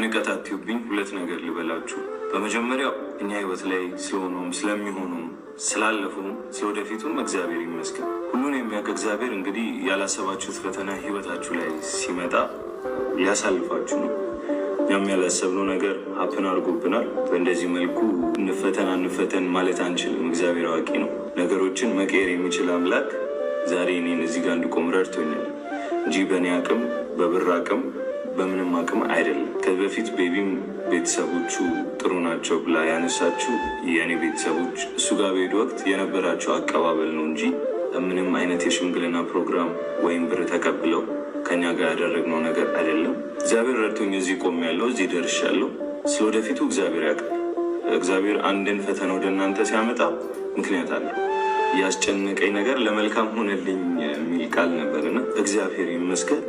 ካነቀታትዩብኝ ሁለት ነገር ልበላችሁ። በመጀመሪያው እኛ ህይወት ላይ ስለሆነውም ስለሚሆኑም ስላለፈውም ስለወደፊቱም እግዚአብሔር ይመስገን። ሁሉን የሚያውቅ እግዚአብሔር እንግዲህ ያላሰባችሁት ፈተና ህይወታችሁ ላይ ሲመጣ ሊያሳልፋችሁ ነው። እኛም ያላሰብነው ነገር ሀፕን አድርጎብናል። በእንደዚህ መልኩ እንፈተን አንፈተን ማለት አንችልም። እግዚአብሔር አዋቂ ነው። ነገሮችን መቀየር የሚችል አምላክ ዛሬ እኔን እዚህ ጋር እንድቆም ረድቶኛል እንጂ በእኔ አቅም በብር አቅም በምንም አቅም አይደለም። ከዚህ በፊት ቤቢም ቤተሰቦቹ ጥሩ ናቸው ብላ ያነሳችው የእኔ ቤተሰቦች እሱ ጋር በሄዱ ወቅት የነበራቸው አቀባበል ነው እንጂ ምንም አይነት የሽምግልና ፕሮግራም ወይም ብር ተቀብለው ከኛ ጋር ያደረግነው ነገር አይደለም። እግዚአብሔር ረድቶኝ እዚህ ቆም ያለው እዚህ ደርሻለሁ። ስለወደፊቱ እግዚአብሔር ያውቃል። እግዚአብሔር አንድን ፈተና ወደ እናንተ ሲያመጣ ምክንያት አለው። ያስጨነቀኝ ነገር ለመልካም ሆነልኝ የሚል ቃል ነበርና እግዚአብሔር ይመስገን።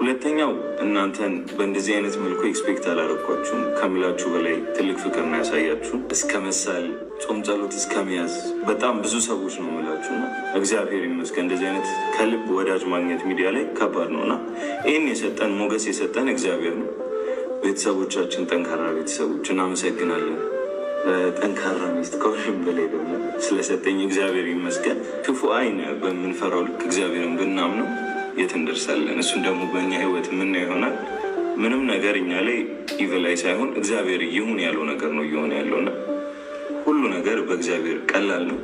ሁለተኛው እናንተን በእንደዚህ አይነት መልኩ ኤክስፔክት አላረኳችሁም ከምላችሁ በላይ ትልቅ ፍቅር ነው ያሳያችሁ። እስከ መሳል ጾም ጸሎት እስከ መያዝ በጣም ብዙ ሰዎች ነው ምላችሁና እግዚአብሔር ይመስገን እንደዚህ አይነት ከልብ ወዳጅ ማግኘት ሚዲያ ላይ ከባድ ነውና ይህን የሰጠን ሞገስ የሰጠን እግዚአብሔር ነው። ቤተሰቦቻችን ጠንካራ ቤተሰቦች እናመሰግናለን። ጠንካራ ሚስት ከሁሉም በላይ ደግሞ ስለሰጠኝ እግዚአብሔር ይመስገን። ክፉ አይን በምንፈራው ልክ እግዚአብሔርን ብናምነው የት እንደርሳለን? እሱን ደግሞ በእኛ ህይወት የምናየው ይሆናል። ምንም ነገር እኛ ላይ ኢቨላይ ሳይሆን እግዚአብሔር ይሁን ያለው ነገር ነው እየሆነ ያለው እና ሁሉ ነገር በእግዚአብሔር ቀላል ነው።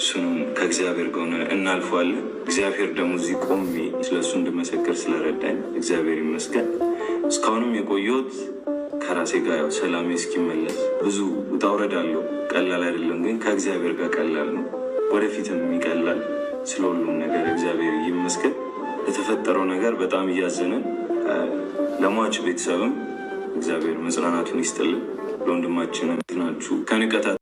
እሱንም ከእግዚአብሔር ከሆነ እናልፈዋለን። እግዚአብሔር ደግሞ እዚህ ቆሜ ስለሱ እንድመሰክር ስለረዳኝ እግዚአብሔር ይመስገን። እስካሁንም የቆየሁት ከራሴ ጋር ያው ሰላሜ እስኪመለስ ብዙ ውጣ ውረድ አለው። ቀላል አይደለም፣ ግን ከእግዚአብሔር ጋር ቀላል ነው። ወደፊትም ይቀላል። ስለ ሁሉም ነገር እግዚአብሔር ይመስገን። የተፈጠረው ነገር በጣም እያዘንን ለሟች ቤተሰብም እግዚአብሔር መጽናናቱን ይስጥልን። ለወንድማችን ናችሁ ከንቀታ